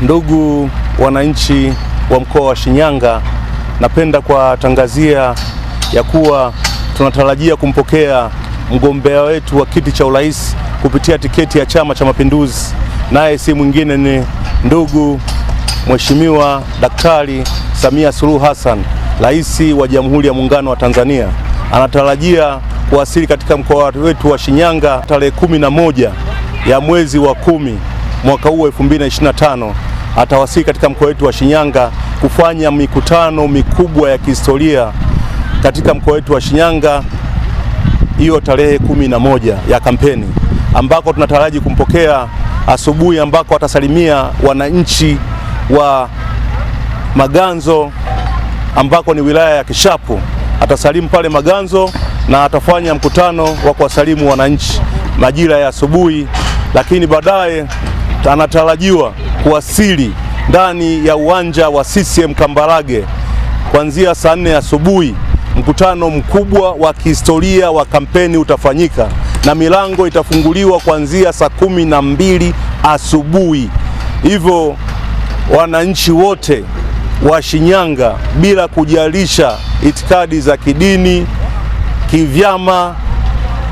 Ndugu wananchi wa mkoa wa Shinyanga, napenda kuwatangazia ya kuwa tunatarajia kumpokea mgombea wetu wa kiti cha urais kupitia tiketi ya Chama cha Mapinduzi, naye si mwingine ni ndugu Mheshimiwa Daktari Samia Suluhu Hassan, Rais wa Jamhuri ya Muungano wa Tanzania. Anatarajia kuwasili katika mkoa wetu wa Shinyanga tarehe kumi na moja ya mwezi wa kumi mwaka huu 2025 atawasili katika mkoa wetu wa Shinyanga kufanya mikutano mikubwa ya kihistoria katika mkoa wetu wa Shinyanga hiyo tarehe kumi na moja ya kampeni, ambako tunataraji kumpokea asubuhi, ambako atasalimia wananchi wa Maganzo ambako ni wilaya ya Kishapu. Atasalimu pale Maganzo na atafanya mkutano wa kuwasalimu wananchi majira ya asubuhi, lakini baadaye anatarajiwa kuwasili ndani ya uwanja wa CCM Kambarage kuanzia saa nne asubuhi. Mkutano mkubwa wa kihistoria wa kampeni utafanyika na milango itafunguliwa kuanzia saa kumi na mbili asubuhi. Hivyo wananchi wote wa Shinyanga bila kujalisha itikadi za kidini, kivyama,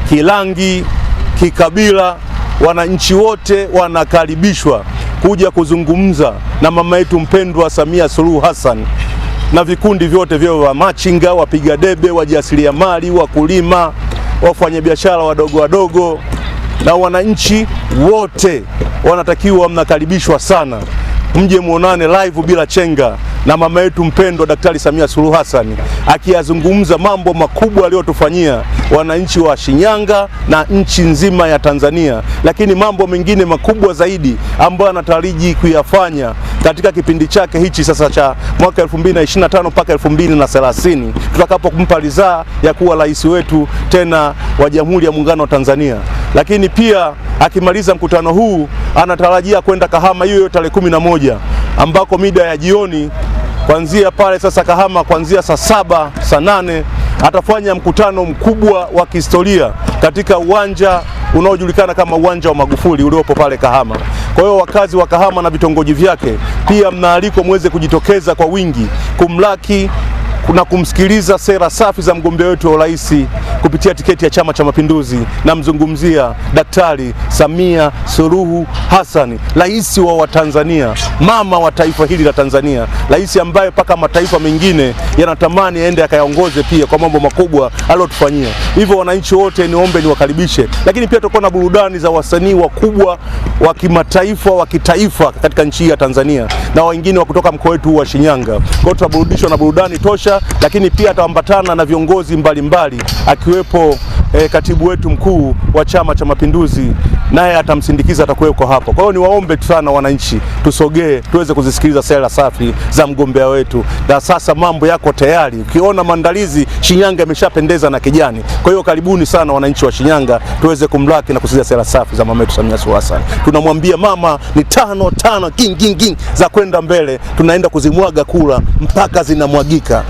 kirangi, kikabila, wananchi wote wanakaribishwa kuja kuzungumza na mama yetu mpendwa Samia Suluhu Hassan na vikundi vyote vya machinga wapiga debe, wajasiriamali, wakulima, wafanyabiashara wadogo wadogo na wananchi wote wanatakiwa, mnakaribishwa sana mje muonane live bila chenga na mama yetu mpendwa Daktari Samia Suluhu Hassan akiyazungumza mambo makubwa aliyotufanyia wananchi wa Shinyanga na nchi nzima ya Tanzania, lakini mambo mengine makubwa zaidi ambayo anataraji kuyafanya katika kipindi chake hichi sasa cha mwaka 2025 mpaka 2030 tutakapompa ridhaa ya kuwa rais wetu tena wa Jamhuri ya Muungano wa Tanzania. Lakini pia akimaliza mkutano huu anatarajia kwenda Kahama hiyo hiyo tarehe kumi na moja ambako mida ya jioni kuanzia pale sasa Kahama, kuanzia saa saba saa nane atafanya mkutano mkubwa wa kihistoria katika uwanja unaojulikana kama uwanja wa Magufuli uliopo pale Kahama. Kwa hiyo wakazi wa Kahama na vitongoji vyake pia mnaalikwa muweze kujitokeza kwa wingi kumlaki na kumsikiliza sera safi za mgombea wetu wa urais kupitia tiketi ya Chama cha Mapinduzi. Namzungumzia Daktari Samia Suluhu Hassan, rais wa Watanzania, mama wa taifa hili la Tanzania, rais ambaye mpaka mataifa mengine yanatamani aende akayaongoze pia kwa mambo makubwa aliyotufanyia. Hivyo wananchi wote, niombe niwakaribishe, lakini pia tutakuwa na burudani za wasanii wakubwa wa kimataifa wa kitaifa katika nchi ya Tanzania na wengine wa kutoka mkoa wetu wa Shinyanga. Kwa hiyo tutaburudishwa na burudani tosha, lakini pia ataambatana na viongozi mbalimbali mbali, akiwepo eh, katibu wetu mkuu wa Chama cha Mapinduzi naye atamsindikiza atakuweko hapo. Kwa hiyo niwaombe sana wananchi, tusogee tuweze kuzisikiliza sera safi za mgombea wetu, na sasa mambo yako tayari. Ukiona maandalizi, Shinyanga imeshapendeza na kijani. Kwa hiyo karibuni sana wananchi wa Shinyanga, tuweze kumlaki na kusikiliza sera safi za mama yetu Samia Suluhu Hassan. Tunamwambia mama ni tano tano king king king za kwenda mbele, tunaenda kuzimwaga kula mpaka zinamwagika.